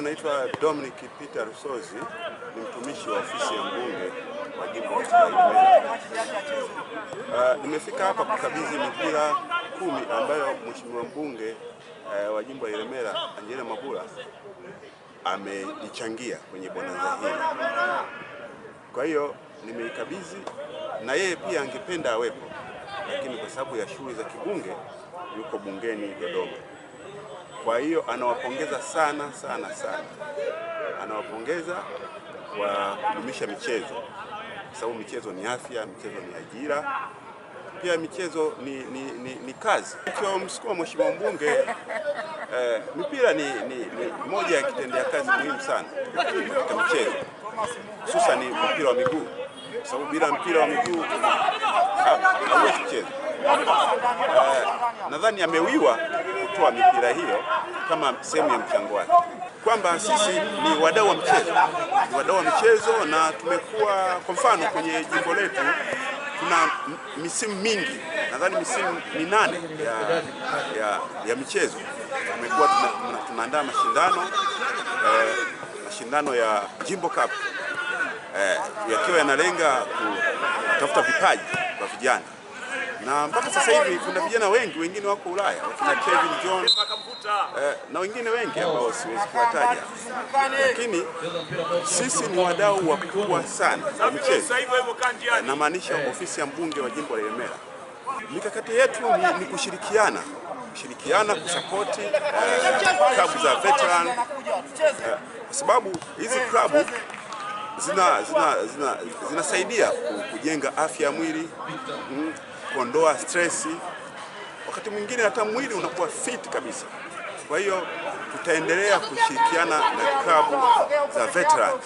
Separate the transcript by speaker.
Speaker 1: jina naitwa Dominic Peter Rusozi, ni mtumishi wa ofisi ya mbunge wa jimbo la Katavi. Uh, nimefika hapa kukabidhi mipira kumi ambayo mheshimiwa mbunge uh, wa jimbo la Ilemela Angela Mabula amenichangia kwenye bonanza hili. Kwa hiyo nimeikabidhi, na yeye pia angependa awepo, lakini kwa sababu ya shughuli za kibunge yuko bungeni Dodoma. Kwa hiyo anawapongeza sana sana sana, anawapongeza kwa kudumisha michezo, kwa sababu michezo ni afya, michezo ni ajira, pia michezo ni, ni, ni, ni kazi. Msukuma mheshimiwa mbunge eh, mipira ni, ni, ni moja ya kitendea kazi muhimu sana katika michezo, hususani mpira wa miguu, kwa sababu bila mpira wa miguu hauwezi kucheza. Eh, nadhani amewiwa kutoa mipira hiyo kama sehemu ya mchango wake, kwamba sisi ni wadau wa mchezo, ni wadau wa mchezo, na tumekuwa kwa mfano kwenye jimbo letu tuna misimu mingi, nadhani misimu minane ya, ya, ya michezo tumekuwa tunaandaa mashindano eh, mashindano ya Jimbo Cup eh, yakiwa yanalenga kutafuta vipaji kwa vijana na mpaka sasa hivi kuna vijana wengi, wengine wako Ulaya, wakina Kevin John eh, na wengine wengi ambao siwezi kuwataja, lakini sisi ni wadau wakubwa sana wa michezo. Eh, namaanisha ofisi ya mbunge wa jimbo la Ilemela. Mikakati yetu ni, ni kushirikiana kushirikiana kusapoti eh, klabu za veteran eh, kwa sababu hizi klabu zinasaidia zina, zina, zina kujenga afya ya mwili mm, kuondoa stresi, wakati mwingine hata mwili unakuwa fit kabisa. Kwa hiyo tutaendelea kushirikiana na klabu za veterani.